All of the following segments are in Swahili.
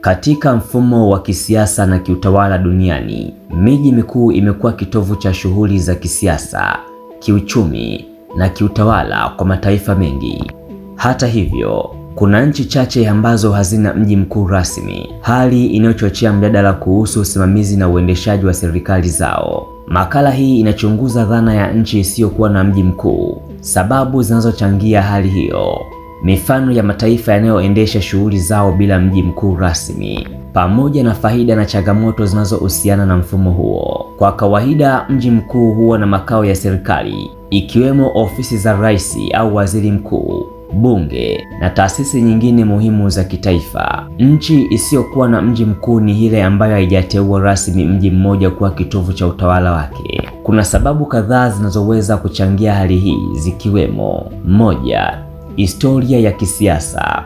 Katika mfumo wa kisiasa na kiutawala duniani, miji mikuu imekuwa kitovu cha shughuli za kisiasa, kiuchumi na kiutawala kwa mataifa mengi. Hata hivyo, kuna nchi chache ambazo hazina mji mkuu rasmi, hali inayochochea mjadala kuhusu usimamizi na uendeshaji wa serikali zao. Makala hii inachunguza dhana ya nchi isiyokuwa na mji mkuu, sababu zinazochangia hali hiyo mifano ya mataifa yanayoendesha shughuli zao bila mji mkuu rasmi, pamoja na faida na changamoto zinazohusiana na mfumo huo. Kwa kawaida, mji mkuu huwa na makao ya serikali, ikiwemo ofisi za rais au waziri mkuu, bunge na taasisi nyingine muhimu za kitaifa. Nchi isiyokuwa na mji mkuu ni ile ambayo haijateua rasmi mji mmoja kuwa kitovu cha utawala wake. Kuna sababu kadhaa zinazoweza kuchangia hali hii zikiwemo: moja, Historia ya kisiasa.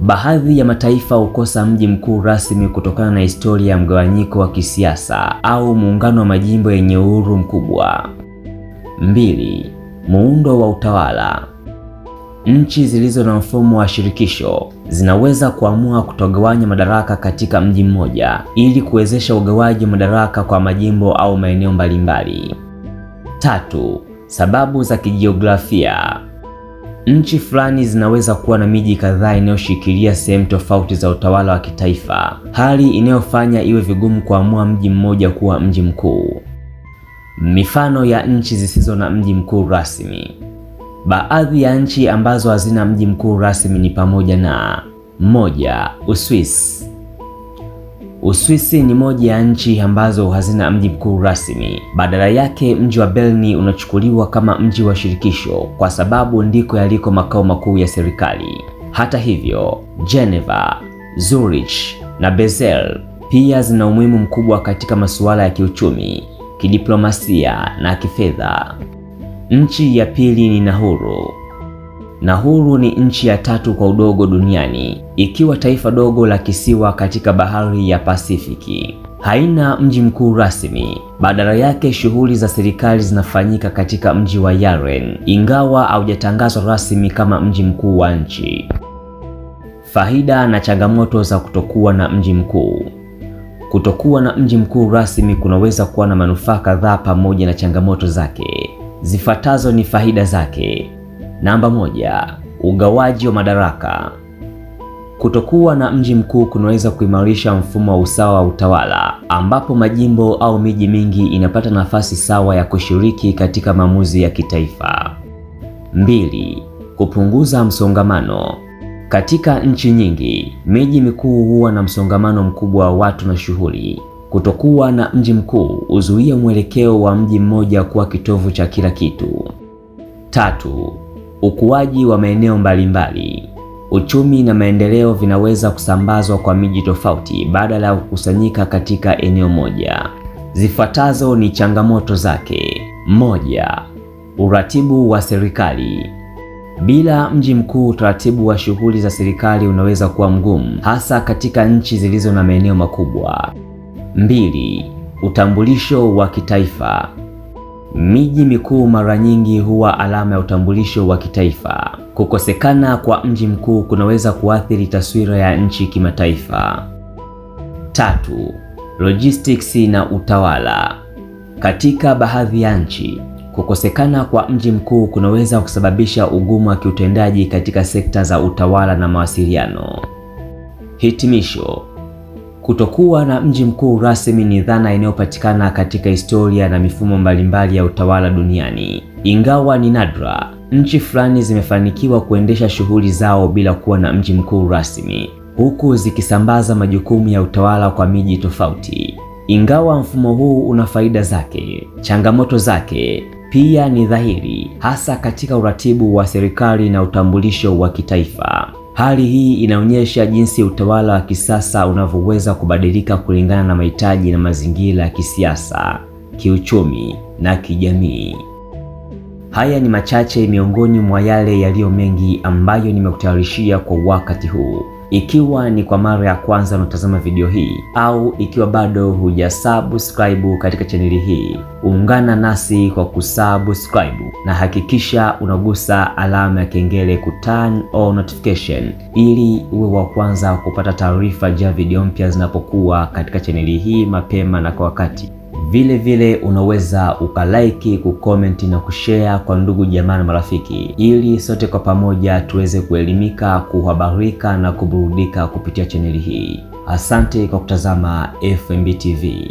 Baadhi ya mataifa hukosa mji mkuu rasmi kutokana na historia ya mgawanyiko wa kisiasa au muungano wa majimbo yenye uhuru mkubwa. Mbili, muundo wa utawala. Nchi zilizo na mfumo wa shirikisho zinaweza kuamua kutogawanya madaraka katika mji mmoja ili kuwezesha ugawaji madaraka kwa majimbo au maeneo mbalimbali. Tatu, sababu za kijiografia. Nchi fulani zinaweza kuwa na miji kadhaa inayoshikilia sehemu tofauti za utawala wa kitaifa, hali inayofanya iwe vigumu kuamua mji mmoja kuwa mji mkuu. Mifano ya nchi zisizo na mji mkuu rasmi. Baadhi ya nchi ambazo hazina mji mkuu rasmi ni pamoja na: moja, Uswisi Uswisi ni moja ya nchi ambazo hazina mji mkuu rasmi. Badala yake, mji wa Berni unachukuliwa kama mji wa shirikisho kwa sababu ndiko yaliko makao makuu ya serikali. Hata hivyo, Geneva, Zurich na Basel pia zina umuhimu mkubwa katika masuala ya kiuchumi, kidiplomasia na kifedha. Nchi ya pili ni Nauru. Nauru ni nchi ya tatu kwa udogo duniani, ikiwa taifa dogo la kisiwa katika bahari ya Pasifiki. Haina mji mkuu rasmi. Badala yake, shughuli za serikali zinafanyika katika mji wa Yaren, ingawa haujatangazwa rasmi kama mji mkuu wa nchi. Faida na changamoto za kutokuwa na mji mkuu. Kutokuwa na mji mkuu rasmi kunaweza kuwa na manufaa kadhaa pamoja na changamoto zake. Zifuatazo ni faida zake. Namba moja, ugawaji wa madaraka. Kutokuwa na mji mkuu kunaweza kuimarisha mfumo wa usawa wa utawala, ambapo majimbo au miji mingi inapata nafasi sawa ya kushiriki katika maamuzi ya kitaifa. Mbili, kupunguza msongamano. Katika nchi nyingi, miji mikuu huwa na msongamano mkubwa wa watu na shughuli. Kutokuwa na mji mkuu huzuia mwelekeo wa mji mmoja kuwa kitovu cha kila kitu. Tatu, ukuaji wa maeneo mbalimbali. Uchumi na maendeleo vinaweza kusambazwa kwa miji tofauti badala ya kukusanyika katika eneo moja. Zifuatazo ni changamoto zake. Moja, uratibu wa serikali. Bila mji mkuu, utaratibu wa shughuli za serikali unaweza kuwa mgumu, hasa katika nchi zilizo na maeneo makubwa. Mbili, utambulisho wa kitaifa. Miji mikuu mara nyingi huwa alama ya utambulisho wa kitaifa. Kukosekana kwa mji mkuu kunaweza kuathiri taswira ya nchi kimataifa. Tatu, logistics na utawala. Katika baadhi ya nchi, kukosekana kwa mji mkuu kunaweza kusababisha ugumu wa kiutendaji katika sekta za utawala na mawasiliano. Hitimisho. Kutokuwa na mji mkuu rasmi ni dhana inayopatikana katika historia na mifumo mbalimbali ya utawala duniani. Ingawa ni nadra, nchi fulani zimefanikiwa kuendesha shughuli zao bila kuwa na mji mkuu rasmi, huku zikisambaza majukumu ya utawala kwa miji tofauti. Ingawa mfumo huu una faida zake, changamoto zake pia ni dhahiri, hasa katika uratibu wa serikali na utambulisho wa kitaifa. Hali hii inaonyesha jinsi utawala wa kisasa unavyoweza kubadilika kulingana na mahitaji na mazingira ya kisiasa, kiuchumi na kijamii. Haya ni machache miongoni mwa yale yaliyo mengi ambayo nimekutayarishia kwa wakati huu. Ikiwa ni kwa mara ya kwanza unatazama video hii au ikiwa bado hujasubscribe katika chaneli hii, ungana nasi kwa kusubscribe na hakikisha unagusa alama ya kengele ku turn on notification ili uwe wa kwanza kupata taarifa za video mpya zinapokuwa katika chaneli hii mapema na kwa wakati. Vile vile unaweza ukalaiki, kukomenti na kushare kwa ndugu jamaa na marafiki, ili sote kwa pamoja tuweze kuelimika, kuhabarika na kuburudika kupitia chaneli hii. Asante kwa kutazama FMB TV.